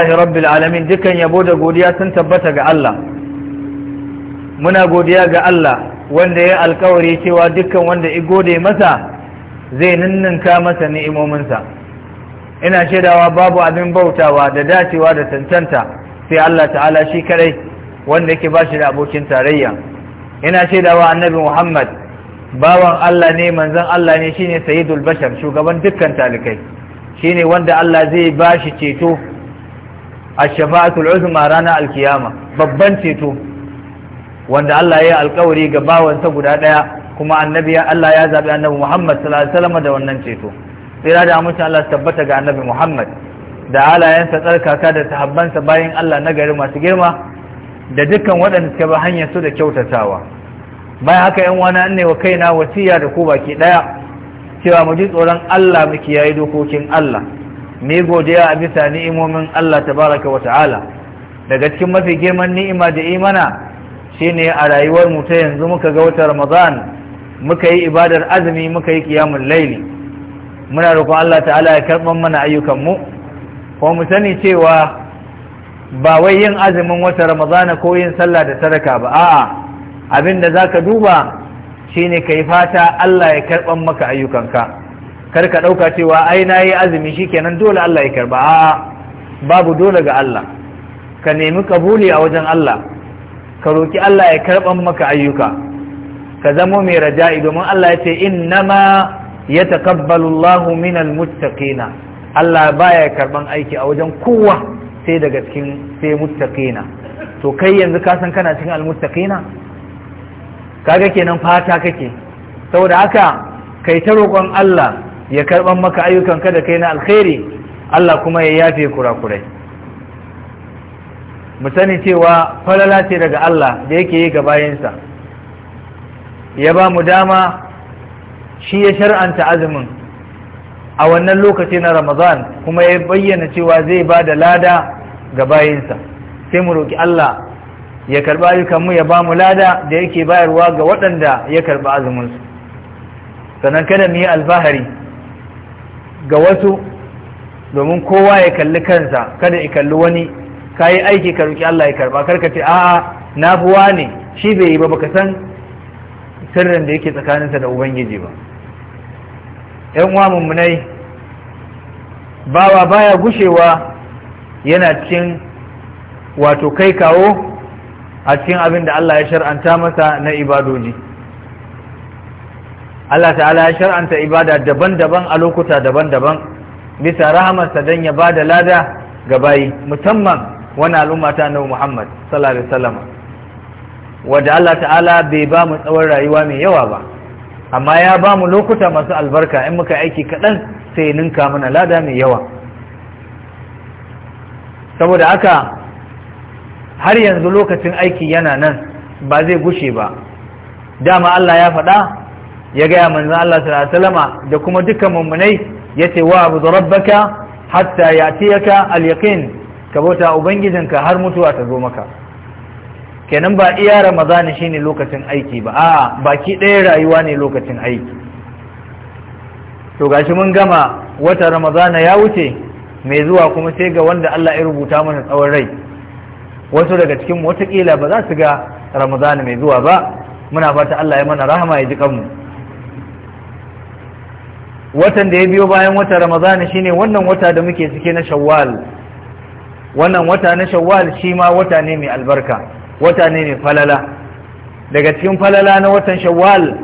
Allahi rabbil alamin dukan yabo da godiya sun tabbata ga Allah muna godiya ga Allah wanda ya alkawari cewa dukkan wanda i gode masa zai ninninka masa ni'imominsa ina shaidawa babu abin bautawa da dacewa da tantanta sai Allah ta'ala shi kadai wanda yake bashi da abokin tarayya ina shaidawa annabi Muhammad bawan Allah ne manzon Allah ne shine sayyidul bashar shugaban dukkan talikai shine wanda Allah zai bashi ceto ash-shafa'atul uzma ranar alkiyama babban ceto wanda Allah ya yi alkawari ga bawansa guda daya kuma annabi Allah ya zabi annabi Muhammad sallallahu alaihi wasallam da wannan ceto tsira da amincin Allah tabbata ga annabi Muhammad da halayensa tsarkaka da sahabbansa bayan Allah na gari masu girma da dukkan waɗanda suka bi hanyar su da kyautatawa bayan haka yan wani an ne wa kaina wasiya da ku baki daya cewa mu ji tsoron Allah mu kiyaye dokokin Allah ni godiya a bisa ni'imomin Allah tabaraka wa ta'ala daga cikin mafi girman ni'ima da imana shine a rayuwar mu ta yanzu muka ga wata Ramadan muka yi ibadar azumi muka yi kiyamul laili muna roƙon Allah ta'ala ya karɓar mana ayyukan mu ko mu sani cewa ba wai yin azumin wata Ramadana ko yin sallah da sadaka ba a'a abinda zaka duba shine kai fata Allah ya karɓar maka ayyukanka kar ka ɗauka cewa ai na yi azumi shikenan dole Allah ya karba a'a babu dole ga Allah ka nemi kabuli a wajen Allah ka roki Allah ya karban maka ayyuka ka zamo mai raja'i domin Allah ya ce innama yataqabbalu Allahu min almuttaqina Allah baya karban aiki a wajen kowa sai daga cikin sai muttaqina to kai yanzu ka san kana cikin almuttaqina kaga kenan fata kake saboda haka kai ta roƙon Allah ya karban maka ayyukanka da kai na alkhairi Allah kuma ya yafe kurakurai mu sani cewa falala ce daga Allah da yake yi ga bayansa ya ba mu dama shi ya shar'anta azumin a wannan lokaci na Ramadan kuma ya bayyana cewa zai ba da lada ga bayansa sai mu roki Allah ya karba ayyukan mu ya ba mu lada da yake bayarwa ga waɗanda ya karba azumin su sannan kada mu yi alfahari ga wasu domin kowa ya kalli kansa kada ya kalli wani ka yi aiki ka roki Allah ya karba karka ce a'a na buwa ne shi bai yi ba baka san sirrin da yake tsakaninsa da ubangiji ba yan uwa mummunai bawa baya gushewa yana cin wato kai kawo a cikin abin da Allah ya shar'anta masa na ibadoji Allah ta'ala ya shar'anta ibada daban-daban a lokuta daban-daban bisa rahamarsa don ya ba da lada ga bayi musamman wani al'umma ta annabi Muhammad sallallahu alaihi wasallam wanda Allah ta'ala bai ba mu tsawon rayuwa mai yawa ba amma ya ba mu lokuta masu albarka in muka aiki kaɗan sai ninka mana lada mai yawa saboda haka har yanzu lokacin aiki yana nan ba zai gushe ba dama Allah ya faɗa ya gaya manzon Allah sallallahu alaihi wasallama da kuma dukkan mummunai ce wa abu rabbaka hatta yatiyaka al al'yakin ka bauta ubangijinka har mutuwa ta zo maka kenan ba iya ramazani shine lokacin aiki ba a'a baki ɗaya rayuwa ne lokacin aiki to gashi mun gama wata ramazana ya wuce mai zuwa kuma sai ga wanda Allah ya rubuta mana tsawon rai wasu daga cikin watakila ba za su ga ramadana mai zuwa ba muna fata Allah ya mana rahama ya ji kanmu watan da ya biyo bayan wata shi shine wannan wata da muke suke na shawwal wannan wata na shawwal shi ma wata ne mai albarka wata ne mai falala daga cikin falala na watan shawwal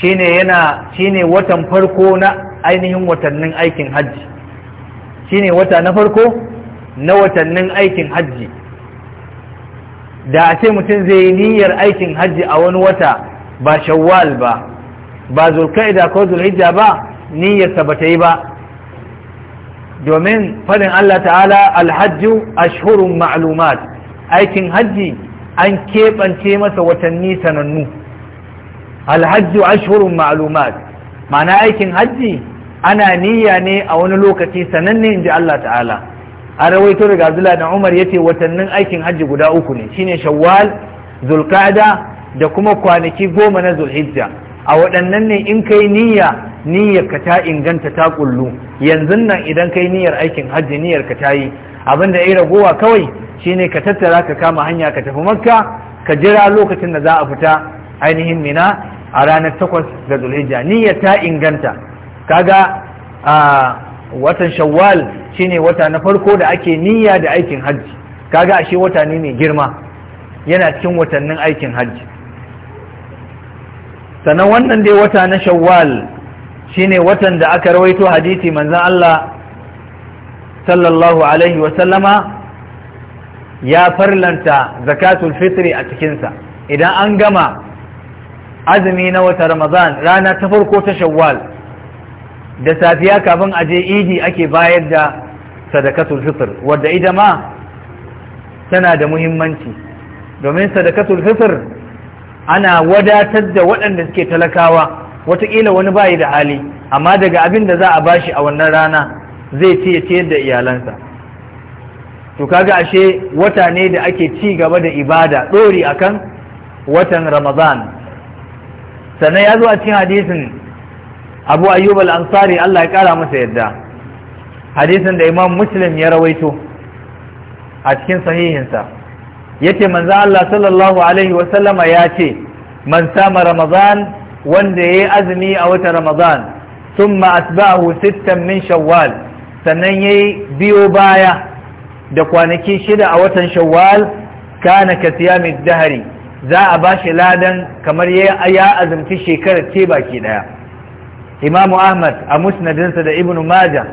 shine yana shine watan farko na ainihin watannin aikin hajji shine wata na farko na watannin aikin hajji da a ce mutum zai yi niyyar aikin hajji a wani wata ba shawwal ba ba zulkaida ko zulhijja ba niyyarsa ba bata yi ba domin fadin Allah ta'ala alhajju ashhurun ma'lumat aikin hajji an keɓance masa watanni sanannu alhajju ashhurun ma'lumat ma'ana aikin hajji ana niyya ne a wani lokaci sananne in Allah ta'ala a rawaito daga Abdullah da Umar yace watannin aikin hajji guda uku ne shine Shawwal Zulqa'da da kuma kwanaki goma na Zulhijja a waɗannan ne in kai niyya niyyar ka ta inganta ta kullu yanzu nan idan kai niyyar aikin hajji niyyar ka ta yi abin da ya ragowa kawai shine ka tattara ka kama hanya ka tafi makka ka jira lokacin da za a fita ainihin mina a ranar takwas ga zulhijja niyyar ta inganta kaga a watan shawwal shine wata na farko da ake niyya da aikin hajji kaga ashe wata ne mai girma yana cikin watannin aikin hajji sannan wannan dai wata na shawwal shine watan da aka rawaito hadisi manzon Allah sallallahu alaihi wa sallama ya farlanta zakatul fitri a cikinsa idan an gama azumi na wata ramadan rana ta farko ta shawwal da safiya kafin aje idi ake bayar da sadakatul fitr wadda ita ma tana da muhimmanci domin sadakatul fitr ana wadatar da waɗanda suke talakawa wataƙila wani bayi da hali amma daga abin da za a bashi a wannan rana zai ce ya ciyar da iyalansa to kaga ashe wata ne da ake ci gaba da ibada ɗori akan watan ramadan sannan ya zo a cikin hadisin abu ayyub al-ansari Allah ya kara masa yadda hadisin da imam muslim ya rawaito a cikin sahihinsa yace manzo Allah sallallahu alaihi wa sallama ya ce man sama ramadan wanda yayi azumi a wata ramadan thumma asba'ahu sittan min shawwal sannan yayi biyo baya da kwanaki shida a watan shawwal kana ka kasiyami dahari za a bashi ladan kamar ya azumci shekarar ce baki daya imamu ahmad a musnadinsa da ibnu majah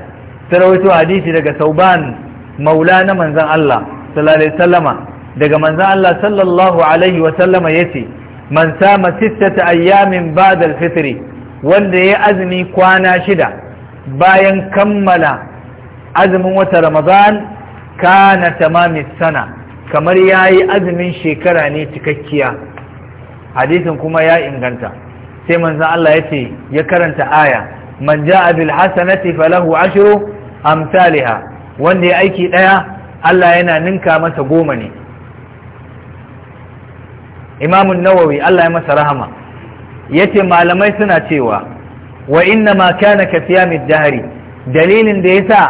ta rawaito hadisi daga sauban maula na manzon Allah sallallahu alaihi wasallama daga manzan Allah sallallahu alaihi wasallama ya ce man sama sittata ayyamin ba'dal fitri wanda ya azumi kwana shida bayan kammala azumin wata ramadan kana tamamis sana kamar ya yi azumin shekara ne cikakkiya hadisin kuma ya inganta sai manzan Allah ya ce ya karanta aya man ja'a bil hasanati falahu ashiru amsalha wanda ya aiki ɗaya Allah yana ninka masa goma ne imamun nawawi Allah ya masa rahama yace malamai suna cewa wa inna ma kana ka siyamid dahri dalilin da ya sa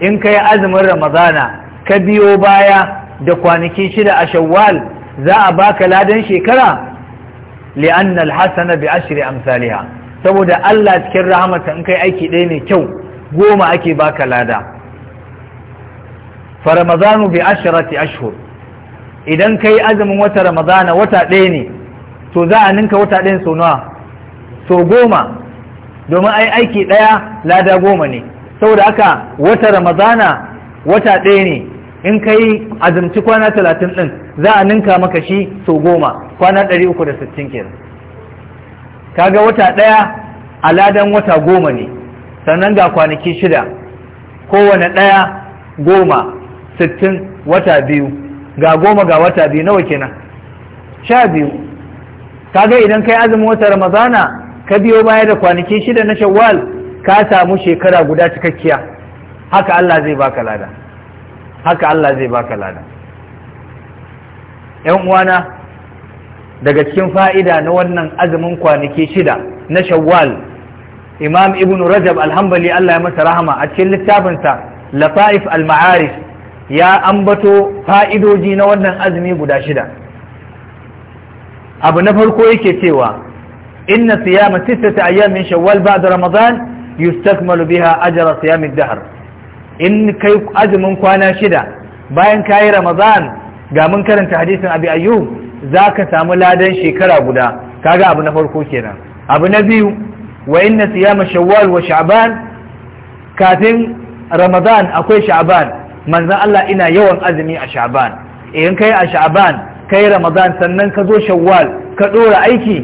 in kai azumin ramadana ka biyo baya da kwanaki shida a shawwal za a baka ladan shekara li'anna al-hasana bi ashri amsalha saboda Allah cikin rahamarsa in kai aiki ɗaya ne kyau goma ake baka lada fa ramadanu bi ashrati ashhur idan ka yi azumin wata ramadana wata ɗaya ne to za a ninka wata ɗaya sau nawa sau goma domin ai aiki ɗaya lada goma ne saboda haka wata ramadana wata ɗaya ne in ka yi azumci kwana talatin ɗin za a ninka maka shi sau goma kwana ɗari uku da sittin kenan kaga wata ɗaya a ladan wata goma ne sannan ga kwanaki shida kowane ɗaya goma sittin wata biyu ga goma ga wata biyu nawa kenan sha biyu ga idan kai azumin wata ramadana ka biyo baya da kwanaki shida na shawwal ka samu shekara guda cikakkiya haka Allah zai baka lada haka Allah zai baka lada yan uwana daga cikin fa'ida na wannan azumin kwanaki shida na shawwal imam ibn rajab alhambali Allah ya masa rahama a cikin littafinsa lafa'if al-ma'arif ya ambato fa'idoji na wannan azumi guda shida abu na farko yake cewa inna siyama sittata ayyamin shawwal ba'da ramadan yustakmalu biha ajra siyamid dahr in kai azumin kwana shida bayan kayi ramadan ga mun karanta hadisin abi ayyub zaka samu ladan shekara guda kaga abu na farko kenan abu na biyu wa inna siyama shawwal wa sha'ban kafin ramadan akwai sha'ban manzan Allah ina yawan azumi a sha'ban eh, in kai a sha'ban kai ramadan sannan ka zo shawwal ka dora aiki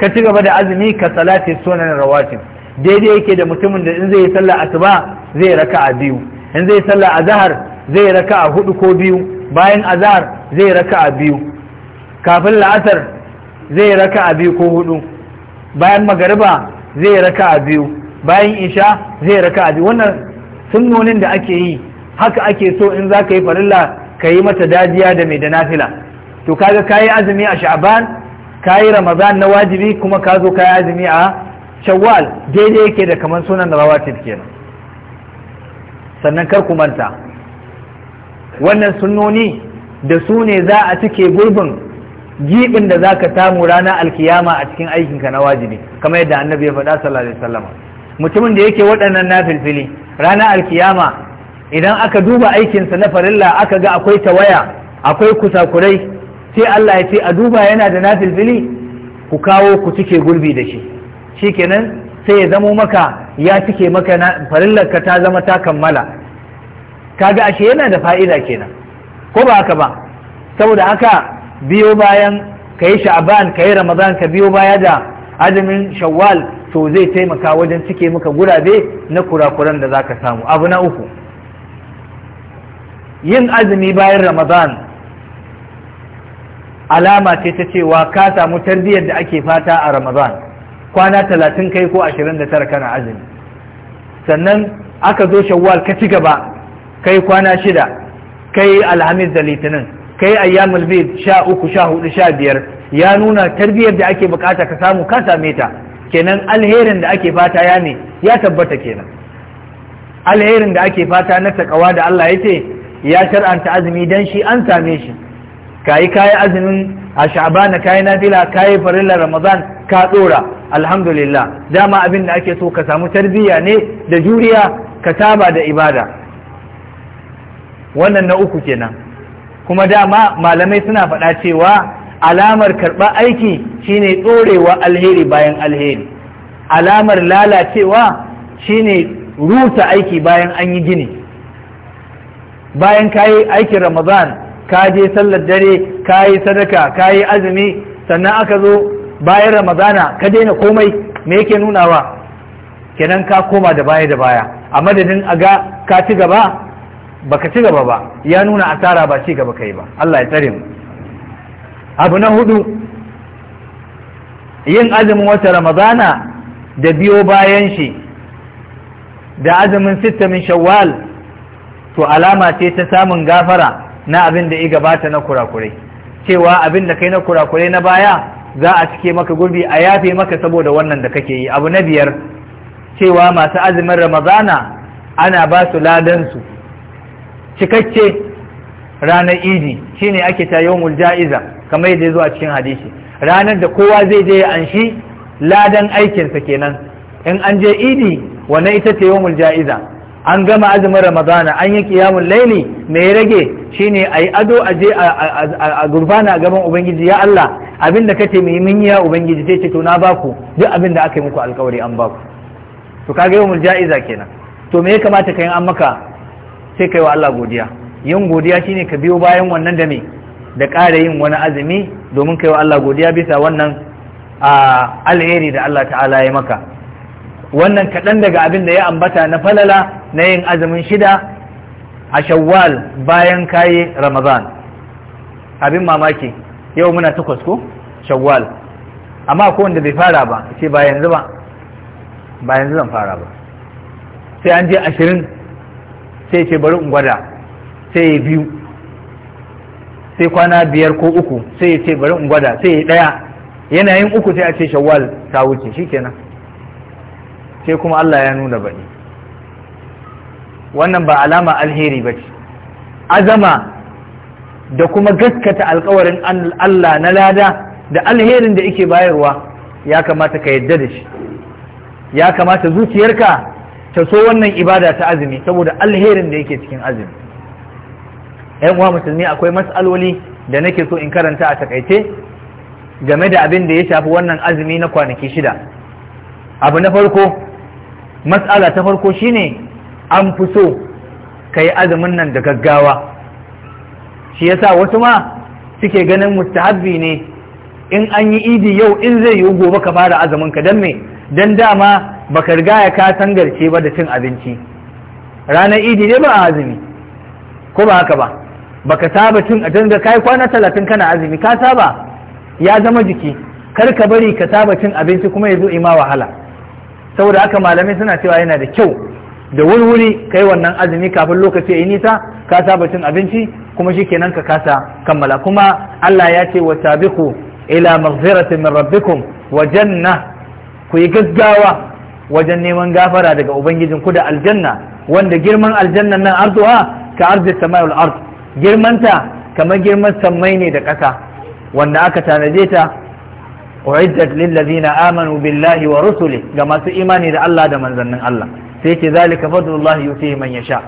ka ci gaba da azumi ka salati sunan rawatib daidai yake da mutumin da in zai sallah asuba zai a biyu in zai sallah azhar zai a hudu ko biyu bayan azhar zai a biyu kafin la'asar zai a biyu ko hudu bayan magariba zai a biyu bayan isha zai a biyu wannan sunnonin da ake yi haka ake so in za ka yi farilla ka yi mata dajiya da mai da nafila to kaga ka yi azumi a sha'aban ka yi ramadan na wajibi kuma ka zo ka yi azumi a shawwal daidai yake da kamar sunan rawatib kenan sannan kar ku manta wannan sunnoni da su ne za a cike gurbin gibin da za ka samu ranar alkiyama a cikin aikinka na wajibi kamar yadda annabi ya faɗa sallallahu alaihi wasallam mutumin da yake waɗannan na filfili ranar alkiyama idan aka duba aikinsa na farilla aka ga akwai tawaya akwai kusakurai sai Allah ya ce a duba yana da nafilfili ku kawo ku cike gurbi da shi shikenan sai ya zamo maka ya cike maka na ka ta zama ta kammala kaga ashe yana da fa'ida kenan ko ba haka ba saboda haka biyo bayan ka yi sha'aban ka yi ramadan ka biyo baya da azumin shawwal to zai taimaka wajen cike maka gurabe na kurakuran da za ka samu abu na uku yin azumi bayan ramadan alama ce ta cewa ka samu tarbiyyar da ake fata a ramadan kwana talatin kai ko ashirin da tara kana azumi sannan aka zo shawwal ka ci gaba kai kwana shida kai alhamis da litinin kai ayyamul bid sha uku sha hudu sha biyar ya nuna tarbiyyar da ake bukata ka samu ka same ta kenan alherin da ake fata ya ne ya tabbata kenan alherin da ake fata na takawa da Allah ya ce ya shar'anta azumi dan shi an same shi kayi kayan azumin a sha'bana kayi nafila kayi farilla ramadan ka dora alhamdulillah dama abin da ake so ka samu tarbiyya ne da juriya ka saba da ibada wannan na uku kenan kuma dama malamai suna faɗa cewa alamar karɓa aiki shine ɗorewa alheri bayan alheri alamar lalacewa shine rusa aiki bayan an yi gini bayan ka yi aikin ramadan ka je sallar dare ka yi sadaka ka yi azumi sannan aka zo bayan ramadana ka daina komai me yake nunawa kenan ka koma da baya da baya a madadin a ga ka ci gaba baka ci gaba ba ya nuna asara ba ci gaba kai ba Allah ya tsare mu abu na hudu yin azumin wata ramadana da biyo bayan shi da azumin sittamin shawwal to alama ce ta samun gafara na abin da ya gabata na kurakurai cewa abin da kai na kurakurai na baya za a cike maka gurbi a yafe maka saboda wannan da kake yi abu na biyar cewa masu azumin ramadana ana ba su ladansu cikakke ranar idi shine ake ta yawmul ja'iza kamar yadda ya zo a cikin hadisi ranar da kowa zai je ya anshi ladan aikinsa kenan in an je idi wannan ita ce yawmul ja'iza an gama azumin ramadana an yi kiyamun mai rage shi rage shine ayi ado a je a gurfana a gaban ubangiji ya Allah abin da kace mai min ya ubangiji sai ce to na baku duk abin da aka yi muku alkawari an baku to kaga yawmul ja'iza kenan to me ya kamata ka yi an maka sai kai wa Allah godiya yin godiya shine ka biyo bayan wannan da me da ƙara yin wani azumi domin kai wa Allah godiya bisa wannan alheri da Allah ta'ala ya maka wannan kaɗan daga abin da ya ambata na falala na yin azumin shida a shawwal bayan kayi ramadan abin mamaki yau muna takwas ko shawwal amma ko wanda bai fara ba ce ba yanzu ba ba yanzu zan fara ba sai an je ashirin sai ce bari in gwada sai ya biyu sai kwana biyar ko uku sai ya ce bari in gwada sai ya ɗaya yanayin uku sai a ce shawwal ta wuce shikenan sai kuma Allah ya nuna baɗi wannan ba alama alheri ba ce azama da kuma gaskata alkawarin Allah na lada da alherin da yake bayarwa ya kamata ka yadda da shi ya kamata zuciyarka ta so wannan ibada ta azumi saboda alherin da yake cikin azumi yan uwa musulmi akwai mas'aloli da nake so in karanta a takaice game da abin da ya shafi wannan azumi na kwanaki shida abu na farko matsala ta farko shine an fi so ka yi azumin nan da gaggawa shi yasa wasu ma suke ganin mustahabbi ne in an yi idi yau in zai yi gobe ka fara azumin ka don me don dama baka riga ya ka tangarce ba da cin abinci ranar idi ne ba a azumi ko ba haka ba baka saba cin abinci da kai kwana talatin kana azumi ka saba ya zama jiki kar ka bari ka saba cin abinci kuma ya zo ima wahala saboda haka malamai suna cewa yana da kyau da wulwuli kai wannan azumi kafin lokaci yi nisa ka saba cin abinci kuma shikenan ka kasa kammala kuma Allah ya ce wa sabiku ila maghfirati min rabbikum wa janna ku yi gaggawa wajen neman gafara daga ubangijin ku da aljanna wanda girman aljanna nan arduha ka ardi samayul ard girmanta kamar girman sammai ne da kasa wanda aka tanaje ta uiddat lil ladina amanu billahi wa rusuli ga masu imani da Allah da manzannin Allah sai ce zalika fadlullahi yutihi man yasha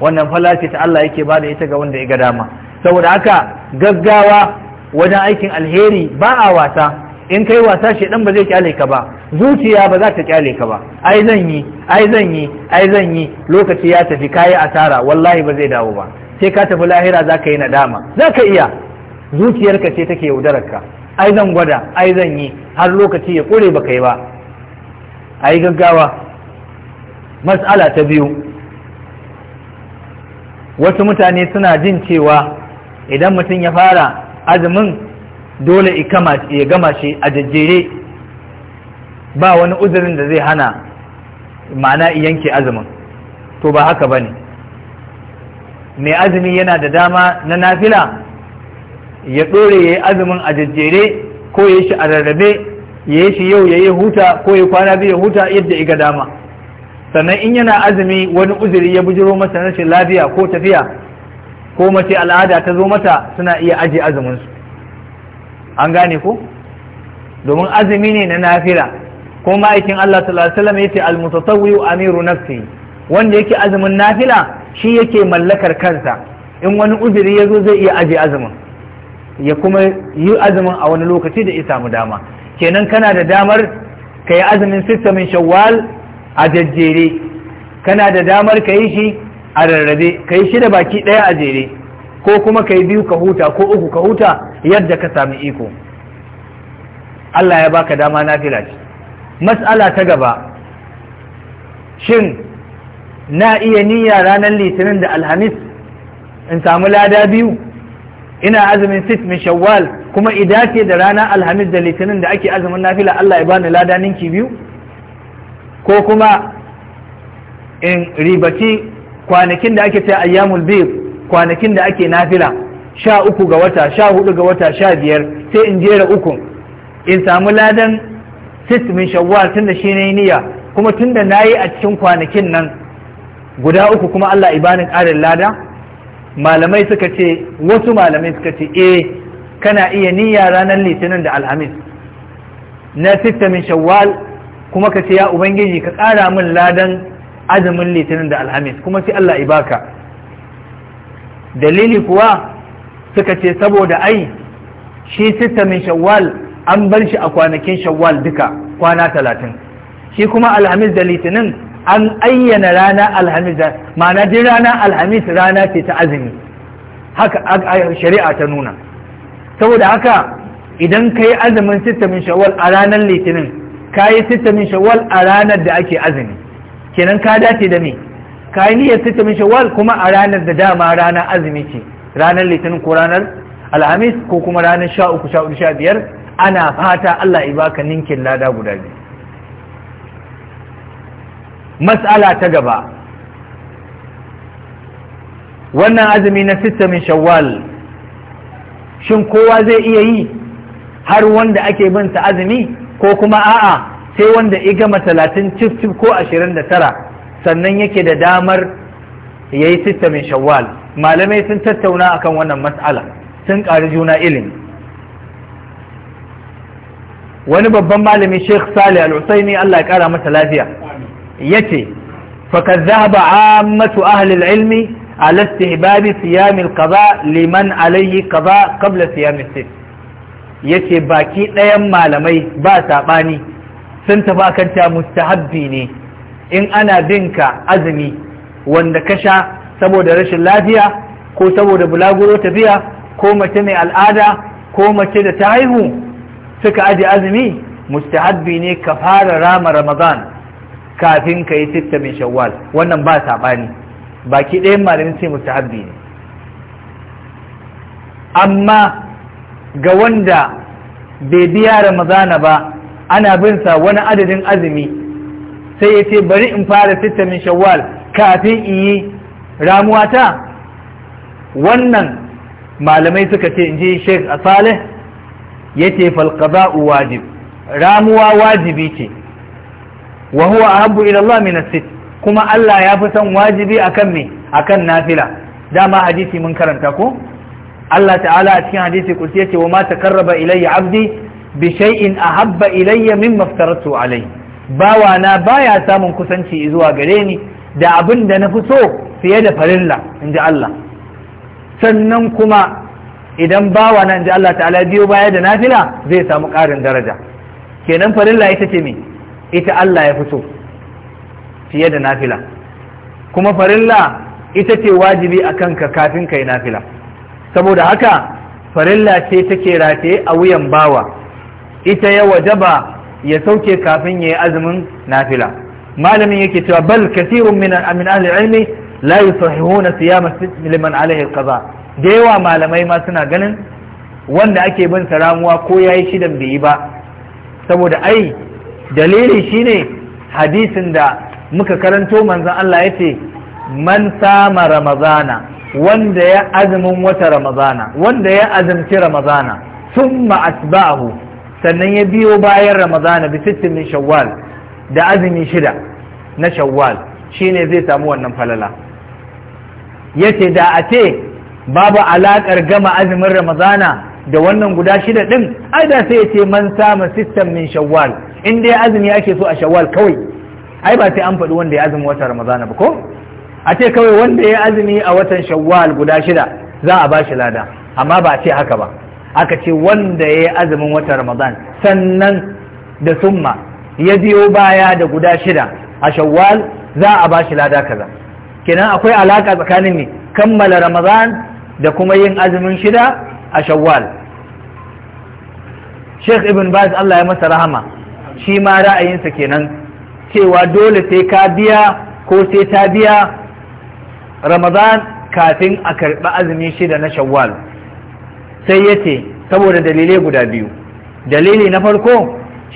wannan falaci ta Allah yake bada ita ga wanda ya ga dama saboda haka gaggawa wajen aikin alheri ba a wasa in kai wasa shi dan ba zai kyale ka ba zuciya ba za ta kyale ka ba ai zan yi ai zan yi ai zan yi lokaci ya tafi kayi asara wallahi ba zai dawo ba sai ka tafi lahira za ka yi nadama za ka iya zuciyarka ce take yaudararka ai zan gwada ai zan yi har lokaci ya kure ba kai ba ai gaggawa mas'ala ta biyu wasu mutane suna jin cewa idan mutum ya fara azumin dole ya gama shi a jajjere ba wani uzurin da zai hana ma'ana yanke azumin to ba haka ba ne mai azumi yana da dama na nafila ya ɗore ya yi azumin a jajjere ko ya yi shi a rarrabe ya yi shi yau ya yi huta ko ya kwana biyu huta yadda iga dama sannan in yana azumi wani uzuri ya bujiro masa na rashin lafiya ko tafiya ko mace al'ada ta zo mata suna iya aje azumin su an gane ko domin azumi ne na nafila ko ma'aikin Allah sallallahu alaihi wasallam yace al-mutatawwi amiru nafsi wanda yake azumin nafila shi yake mallakar kansa in wani uzuri ya zo zai iya aje azumin ya kuma yi azumin a wani lokaci da ya samu dama kenan kana da damar ka azumin sittamin shawwal a jajjere kana da damar ka yi shi a rarrabe ka yi shi da baki ɗaya a jere ko kuma ka yi biyu ka huta ko uku ka huta yadda ka sami iko Allah ya baka dama na fila ce mas'ala ta gaba shin na iya niyya ranar litinin da alhamis in samu lada biyu ina azumin sit min shawwal kuma idace da rana alhamis da litinin da ake azumin nafila Allah ya bani lada ninki biyu ko kuma in ribaci kwanakin da ake cewa ayyamul bayt kwanakin da ake nafila sha uku ga wata sha hudu ga wata sha biyar sai in jera uku in samu ladan sit min shawwal tunda shi ne niyya kuma tunda nayi a cikin kwanakin nan guda uku kuma Allah ibanin ƙarin lada malamai suka ce wasu malamai suka ce eh kana iya niyya ranar litinin da alhamis na sita min shawwal kuma ka ce ya ubangiji ka ƙara min ladan azumin litinin da alhamis kuma sai Allah ya baka dalili kuwa suka ce saboda ai shi sita shawwal an bar shi a kwanakin shawwal duka kwana talatin shi kuma alhamis da litinin an ayyana rana alhamis da ma'ana duk rana alhamis rana ce ta azumi haka shari'a ta nuna saboda haka idan ka yi azumin sita min shawwal a ranar litinin ka yi sitta min shawwal a ranar da ake azumi kenan ka dace da me ka yi niyyar sitta min shawwal kuma a ranar da dama ranar azumi ce ranar litinin ko ranar alhamis ko kuma ranar sha uku sha uku sha biyar ana fata Allah ya baka ninkin lada guda biyu mas'ala ta gaba wannan azumi na sitta min shawwal shin kowa zai iya yi har wanda ake bin azumi ko kuma a'a sai wanda iGama gama talatin cif cif ko ashirin da tara sannan yake da damar ya yi sitta mai shawwal malamai sun tattauna akan wannan masala sun ƙari juna ilimi wani babban malami sheikh salih al-usaini allah ya ƙara masa lafiya ya ce fakar zaba ammatu ahlil ilmi ala istihbabi siyamil kaza liman alayhi kaza qabla siyamil yace baki ɗayan malamai ba saɓani sun tafi akan ta mustahabbi ne in ana binka azumi wanda ka sha saboda rashin lafiya ko saboda bulaguro tafiya ko mace mai al'ada ko mace da ta haihu suka aje azumi mustahabbi ne ka fara rama ramadan kafin ka yi sitta min shawwal wannan ba saɓani baki ɗayan malamai ce mustahabbi ne amma ga wanda bai biya Ramadana ba ana bin sa wani adadin azumi sai ya ce bari in fara sitamin shawwal kafin in yi ramuwa ta wannan malamai suka ce in je sheikh salih ya ce falqada'u wajib ramuwa wajibi ce wa huwa ahabbu ila Allah min as kuma Allah ya fi son wajibi akan me akan nafila dama hadisi mun karanta ko Allah ta'ala a cikin hadisi kursi ce wa ma karraba ilayya abdi bi shay'in ahabba ilayya mimma aftaratu alayhi bawa na baya samun kusanci zuwa gare ni da abin da na fi so fiye da farilla inji Allah sannan kuma idan bawa na inji Allah ta'ala biyo baya da nafila zai samu ƙarin daraja kenan farilla ita ce me ita Allah ya fi so fiye da nafila kuma farilla ita ce wajibi a kanka kafin ka yi nafila saboda haka farilla ce take rataye a wuyan bawa ita ya wajaba ya sauke kafin ya yi azumin nafila malamin yake cewa bal kasirun min min ahli ilmi la yusahihuna siyama liman alaihi alqaza da yawa malamai ma suna ganin wanda ake bin sa ramuwa ko yayi shidan bai yi ba saboda ai dalili shine hadisin da muka karanto manzon Allah yace man sama Ramazana. wanda ya azumin wata ramazana wanda ya azumci ramazana thumma asba'ahu sannan ya biyo bayan ramazana bi sittin min shawwal da azumi shida na shawwal shine zai samu wannan falala yace da a ce babu alakar gama azumin ramazana da wannan guda shida din ai da sai yace man samu sittin min shawwal in dai azumi ake so a shawwal kawai ai ba sai an faɗi wanda ya azumi wata ramazana ba ko a ce kawai wanda ya azumi a watan shawwal guda shida za a bashi lada amma ba a ce haka ba aka ce wanda ya yi azumin watan ramadan sannan da summa ya biyo baya da guda shida a shawwal za a bashi lada kaza kenan akwai alaka tsakanin ne kammala ramadan da kuma yin azumin shida a shawwal sheikh ibn baz Allah ya masa rahama shi ma ra'ayinsa kenan cewa dole sai ka biya ko sai ta biya ramadan kafin a karɓi azumi shida na shawwal sai ya ce saboda dalilai guda biyu dalili na farko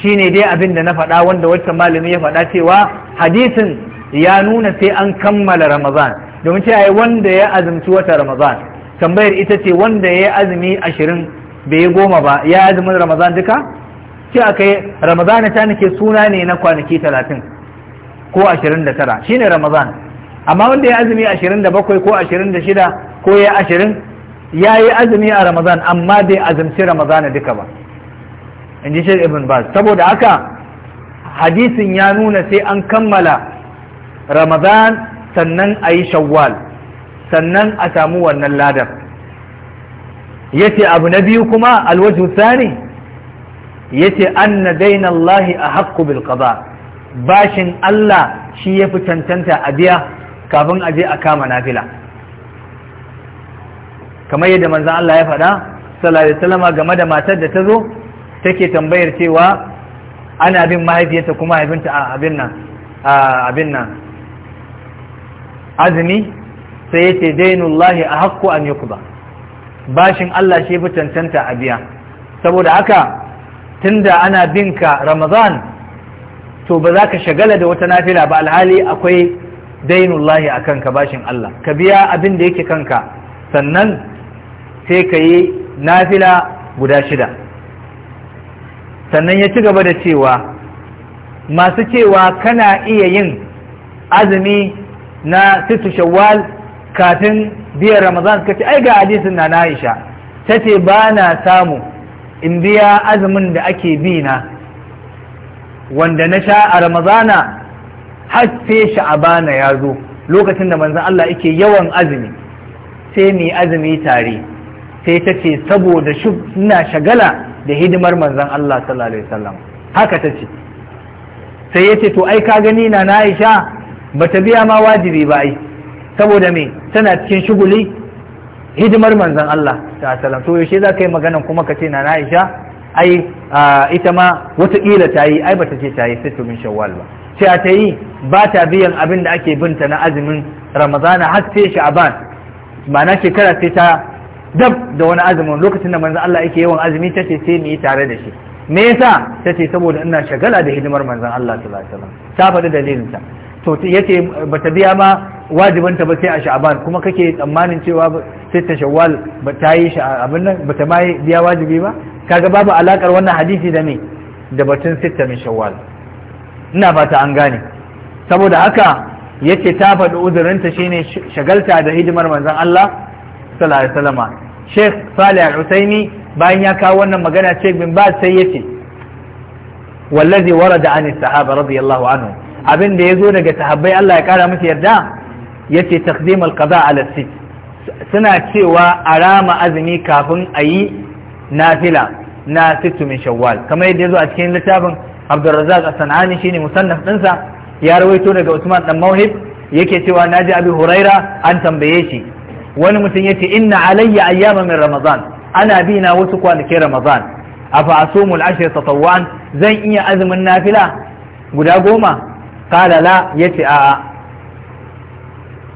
shine dai abin da na faɗa wanda wata malami ya faɗa cewa hadisin ya nuna sai an kammala ramadan domin ai wanda ya azumci wata ramadan tambayar ita ce wanda ya azumi ashirin bai yi goma ba ya azumin ramadan duka ce aka yi ramadan ta nake suna ne na kwanaki talatin ko ashirin da tara shine ramadan amma wanda ya azumi 27 ko 26 ko ya 20 ya yi azumi a ramadan amma bai azumci ramadan duka ba in ji shaikh ibn baz saboda haka hadisin ya nuna sai an kammala ramadan sannan a yi shawwal sannan a samu wannan ladar yace abu na biyu kuma alwaju sani yace anna daina a haqqu bil bashin Allah shi ya fi cancanta a biya kafin a je a kama nafila kamar yadda manzan Allah ya faɗa sallallahu salama game da matar da ta zo take tambayar cewa ana bin mahaifiyarta kuma haifinta a abin nan abin nan azumi sai ya ce dainullahi a haƙƙo an kuba bashin Allah shi fi cancanta a biya saboda haka tunda ana binka Ramadan to ba za ka shagala da wata nafila ba alhali akwai dainullahi a kanka bashin Allah ka biya abin da yake kanka sannan sai ka yi nafila guda shida sannan ya ci gaba da cewa masu cewa kana iya yin azumi na situ shawwal kafin biyan ramazan suka ce ai ga hadisin na Aisha ta ce ba na samu in biya azumin da ake bi na wanda na sha a ramazana har sai sha'abana ya zo lokacin da manzan Allah yake yawan azumi sai mu azumi tare sai ta ce saboda ina shagala da hidimar manzan Allah sallallahu wasallam haka ta ce sai ya ce to ai ka gani na na Aisha ta biya ma wajibi ba ai saboda me tana cikin shuguli hidimar manzan Allah sallallahu alaihi wasallam to yaushe za ka yi magana kuma ka ce na na Aisha ai ita ma watakila ta yi ai bata ce ta yi sai tumin shawwal ba cewa ta yi ba ta biyan abin da ake binta na azumin ramadana har sai sha'aban ma'ana shekara sai ta dab da wani azumin lokacin da manzon Allah yake yawan azumi ta sai mu yi tare da shi me yasa tace saboda ina shagala da hidimar manzon Allah sallallahu alaihi wasallam ta faɗi ta to yace bata biya ma wajibanta ba sai a sha'aban kuma kake tsammanin cewa sai ta shawwal ba ta yi abin nan ba ta ma biya wajibi ba kaga babu alakar wannan hadisi da me da batun sitta min shawwal ina fata an gane saboda haka yace ta faɗi uzurinta shine shagalta da hidimar manzon Allah sallallahu alaihi wasallama Sheikh Salih al bayan ya kawo wannan magana Sheikh bin Baz sai yace wallazi warada an sahaba radiyallahu anhu abin da yazo daga sahabbai Allah ya kara musu yarda yace taqdim al-qada ala sit suna cewa rama azumi kafin ayi nafila na sittu min shawwal kamar yadda yazo a cikin littafin Abdurrazzaq as-Sanani shine musannaf dinsa ya rawaito daga Usman dan Mauhib yake cewa naji Abi Huraira an tambaye shi wani mutum yace inna alayya ayyama min Ramadan ana bi na wasu kwanakin Ramadan afa asumu al-ashr tatawwan zan iya azumin nafila guda goma qala la yace a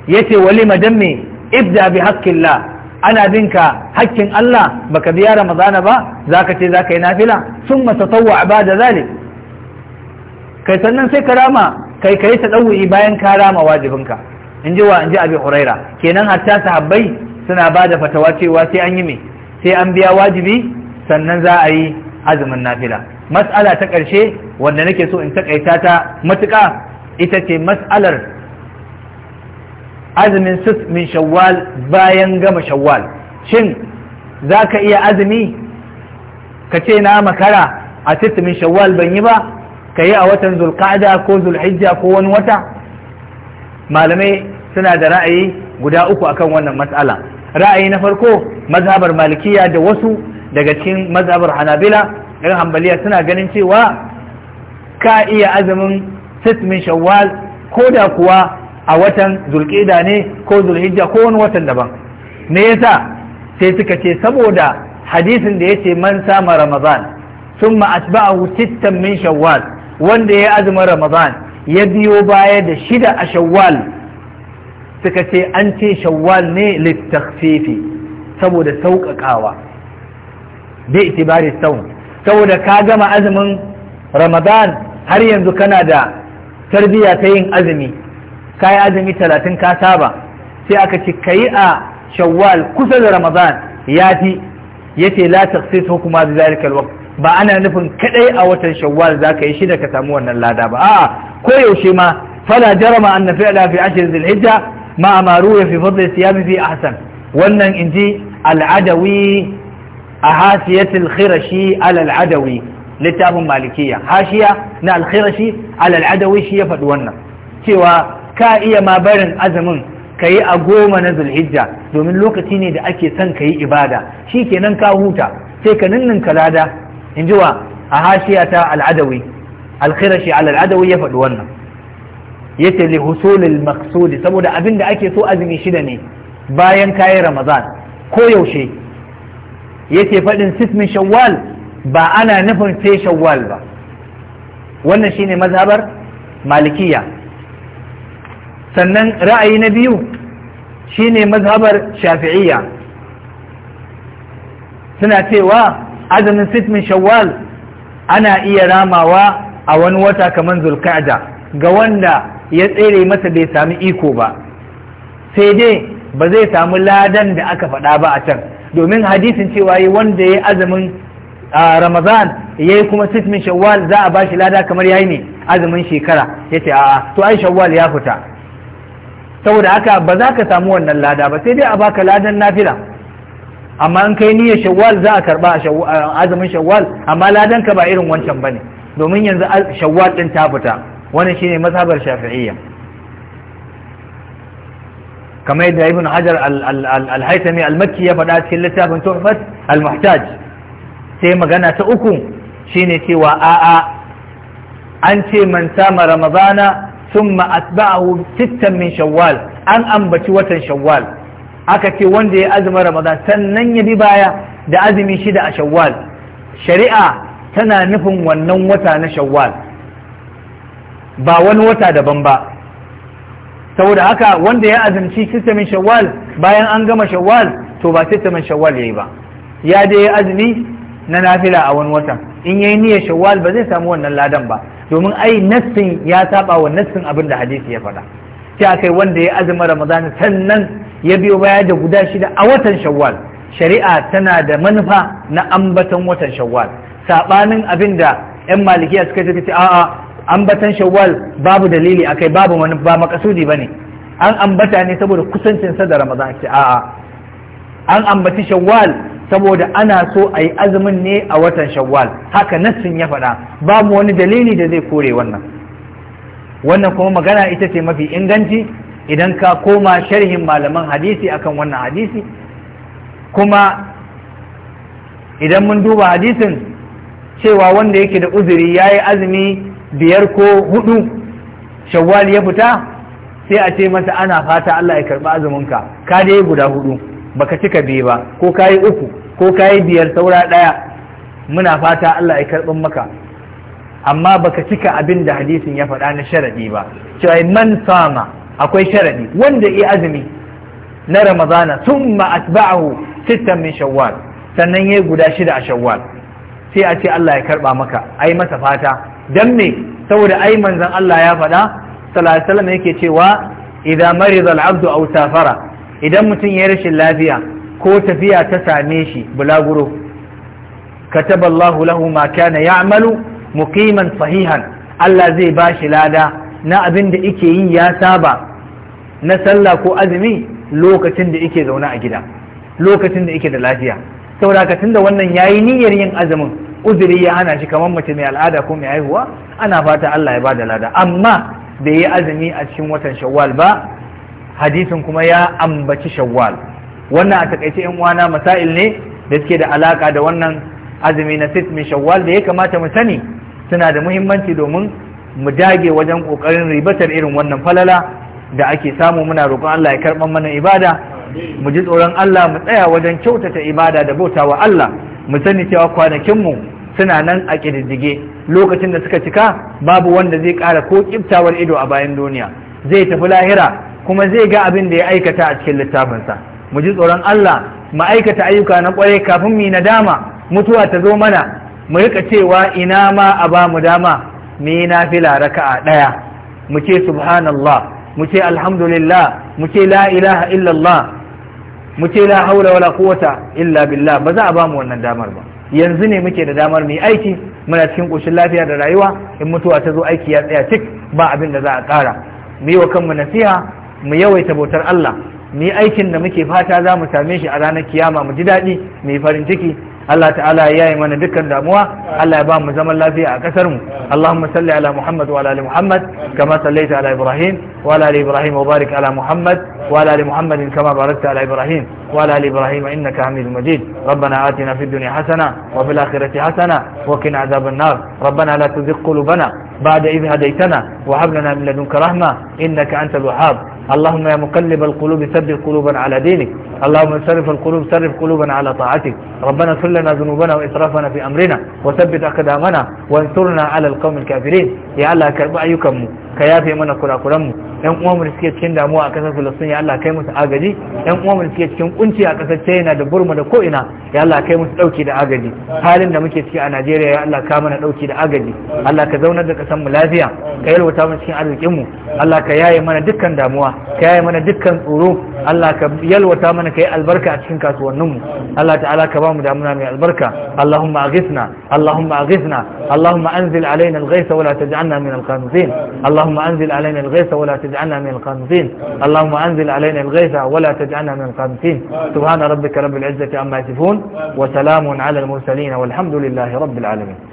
yace walima dan me ibda bi haqqillah ana bin ka hakkin Allah baka biya Ramadana ba zaka ce zaka yi nafila summa tatawwa ba'da zalik kai sannan sai ka rama kai kai tadawwi bayan ka rama wajibinka in ji wa in ji abi huraira kenan hatta sahabbai suna ba da fatawa cewa sai an yi me sai an biya wajibi sannan za a yi azumin nafila mas'ala ta ƙarshe wanda nake so in taƙaita ta matuƙa ita ce mas'alar azumin sus min shawwal bayan gama shawwal shin za ka iya azumi ka ce na makara a sus min shawwal ban yi ba ka yi a watan zulqa'da ko zulhijja ko wani wata malamai suna da ra'ayi guda uku akan wannan matsala ra'ayi na farko mazhabar malikiya da wasu daga cikin mazhabar hanabila don hambaliya suna ganin cewa ka iya azumin sus min shawwal ko da kuwa a watan zulƙida ne ko zulhijja ko wani watan daban me yasa sai suka ce saboda hadisin da yace man sama ramadan thumma asba'ahu sittan min shawwal wanda ya azumin ramadan ya biyo baya da shida a shawwal suka ce an ce shawwal ne littafifi saboda sauƙaƙawa bai itibari saun saboda ka gama azumin ramadan har yanzu kana da tarbiyya ta yin azumi ka yi azumi talatin ka saba sai aka ce ka yi a shawwal kusa da ramadan ya fi ya ce la taqsis hukuma bi zalika alwaqt ba ana nufin kadai a watan shawwal zaka yi shi da ka samu wannan lada ba a'a ko yaushe ma fala jarama anna fi'la fi ashr dhulhijja ma ma ya fi fadl siyam fi ahsan wannan inji al'adawi a hasiyatul khirashi ala al'adawi littafin malikiya hashiya na alkhirashi ala al'adawi shi ya faɗi wannan cewa ka iya ma barin azumin ka yi a goma na zulhijja domin lokaci ne da ake son ka yi ibada shi kenan ka huta sai ka ninnin kalada in ji wa a hashiya ta al'adawi alkhirashi al'adawi ya faɗi wannan ya ce li husulil maqsudi saboda abin da ake so azumi shida ne bayan kayi ramadan ko yaushe ce faɗin sitmin shawwal ba ana nufin sai shawwal ba wannan shine mazhabar malikiya sannan ra'ayi na biyu shine mazhabar shafi'iyya suna cewa azumin sitmin shawwal ana iya ramawa a wani wata kamar zulka'da ga wanda ya tsere masa bai sami iko ba sai dai ba zai samu ladan da aka faɗa ba a can domin hadisin cewa yi wanda ya azumin ramazan ya yi kuma sitmin shawwal za a ba shi lada kamar ya yi ne azumin shekara ya ce a'a to ai shawwal ya fita saboda haka ba za ka samu wannan lada ba sai dai a baka ladan nafila amma in kai niyyar shawwal za a karba a azumin shawwal amma ladan ka ba irin wancan bane domin yanzu shawwal din ta fita wannan shine mazhabar shafi'iyya kamar yadda ibn hajar al-haythami al-makki ya faɗa cikin littafin tuhfat al-muhtaj sai magana ta uku shine cewa a'a an ce man sama ramadana thumma atba'ahu sittan min shawwal an ambaci watan shawwal aka ce wanda ya azumi ramadan sannan ya bi baya da azumi shida a shawwal shari'a tana nufin wannan wata na shawwal ba wani wata daban ba saboda haka wanda ya azumci titamin shawwal bayan an gama shawwal to ba sistemin shawwal yayi ba ya dai azumi na nafila a wani watan in yayi niyyar shawwal ba zai samu wannan ladan ba domin ai nassin ya saba wa nassin abin da hadisi ya faɗa ta kai wanda ya azumi ramadan sannan ya biyo baya da guda shida a watan shawwal shari'a tana da manufa na ambaton watan shawwal sabanin abin da 'yan malikiya suka ce a'a ambatan shawwal babu dalili akai babu ba makasudi bane an ambata ne saboda kusancinsa da ramadan ce a'a an ambaci shawwal saboda ana so a yi azumin ne a watan shawwal haka nassin ya faɗa babu wani dalili da zai kore wannan wannan kuma magana ita ce mafi inganci idan ka koma sharhin malaman hadisi akan wannan hadisi kuma idan mun duba hadisin cewa wanda yake da uzuri ya yi azumi biyar ko hudu shawwal ya fita sai a ce masa ana fata Allah ya karɓi azuminka ka dai guda hudu baka cika biyu ba ko ka yi uku ko ka yi biyar saura ɗaya muna fata Allah ya karɓin maka amma baka cika abin da hadisin ya faɗa na sharaɗi ba cewa man sama akwai sharaɗi wanda ya azumi na ramadana sun atba'ahu sittan min shawwal sannan ya guda shida a shawwal sai a ce Allah ya karɓa maka ai masa fata dan me saboda ai manzon Allah ya faɗa sallallahu alaihi yake cewa idan marida al-abdu aw safara idan mutum ya rashin lafiya ko tafiya ta same shi bulaguro kataba Allahu lahu maka kana ya'malu muƙiman sahihan Allah zai ba shi lada na abin da yake yi ya saba na sallah ko azumi lokacin da yake zaune a gida lokacin da yake da lafiya saboda ka tunda wannan yayi niyyar yin azumin uzuri ya hana shi kamar mace mai al'ada ko mai haihuwa ana fata Allah ya bada lada amma bai yi azumi a cikin watan shawwal ba hadisin kuma ya ambaci shawwal wannan a takaice yan uwana masail ne da suke da alaka da wannan azumi na sit min shawwal da ya kamata mu sani suna da muhimmanci domin mu dage wajen kokarin ribatar irin wannan falala da ake samu muna roƙon Allah ya karɓar mana ibada mu ji tsoron Allah mu tsaya wajen kyautata ibada da bautawa Allah mu sani cewa mu suna nan a kididdige lokacin da suka cika babu wanda zai ƙara ko ƙiftawar ido a bayan duniya zai tafi lahira kuma zai ga abin da ya aikata a cikin littafinsa mu ji tsoron Allah mu aikata ayyuka na kwarai kafin mu nadama mutuwa ta zo mana mu rika cewa ina ma a ba mu dama mu yi nafila raka'a ɗaya mu ce subhanallah mu ce alhamdulillah mu ce la ilaha illallah mu ce la haula wala quwwata illa billah ba za a ba mu wannan damar ba yanzu ne muke da damar mu yi aiki muna cikin ƙushin lafiya da rayuwa in mutuwa ta zo aiki ya tsaya cik ba abin da za a ƙara mu yi wa kanmu nasiha mu yawaita bautar Allah mu yi aikin da muke fata za mu same shi a ranar kiyama mu ji daɗi mai farin ciki Allah ta'ala ya yi mana dukkan damuwa Allah ya ba mu zaman lafiya a kasar mu Allahumma salli ala Muhammad wa ala Muhammad kama sallaita ala Ibrahim wa ala Ibrahim wa barik ala Muhammad wa ala ali Muhammad kama barakta ala Ibrahim wa ala ali Ibrahim innaka Hamidul Majid ربنا آتنا في الدنيا حسنة وفي الآخرة حسنة وقنا عذاب النار ربنا لا تزغ قلوبنا بعد إذ هديتنا وهب لنا من لدنك رحمة إنك أنت الوهاب اللهم يا مقلب القلوب ثبت قلوبنا على دينك اللهم صرف القلوب صرف قلوبنا على طاعتك ربنا اغفر لنا ذنوبنا وإسرافنا في أمرنا وثبت أقدامنا وانصرنا على القوم الكافرين يا الله كرب أيكم ka yafe mana kurakuranmu yan uwanmu cikin damuwa a kasar filistin ya Allah kai musu agaji yan uwanmu da suke cikin kunci a kasar china da burma da ko'ina ya Allah kai musu ɗauki da agaji halin da muke ciki a najeriya ya Allah ka mana ɗauki da agaji Allah ka zaunar da kasar mu lafiya ka yalwata mu cikin arzikin mu Allah ka yaye mana dukkan damuwa ka yaye mana dukkan tsoro Allah ka yalwata mana ka yi albarka a cikin kasuwanninmu Allah ta'ala ka ba mu damuna mai albarka Allahumma aghithna Allahumma aghithna Allahumma anzil alaina al-ghaytha wa la taj'alna min al-qanitin Allahumma anzil alaina al-ghaytha wa la taj'alna min al-qanitin Allahumma anzil alaina al-ghaytha wa la taj'alna min al-qanitin subhana rabbika rabbil izzati amma yasifun wa salamun ala al-mursalin والحمد لله رب العالمين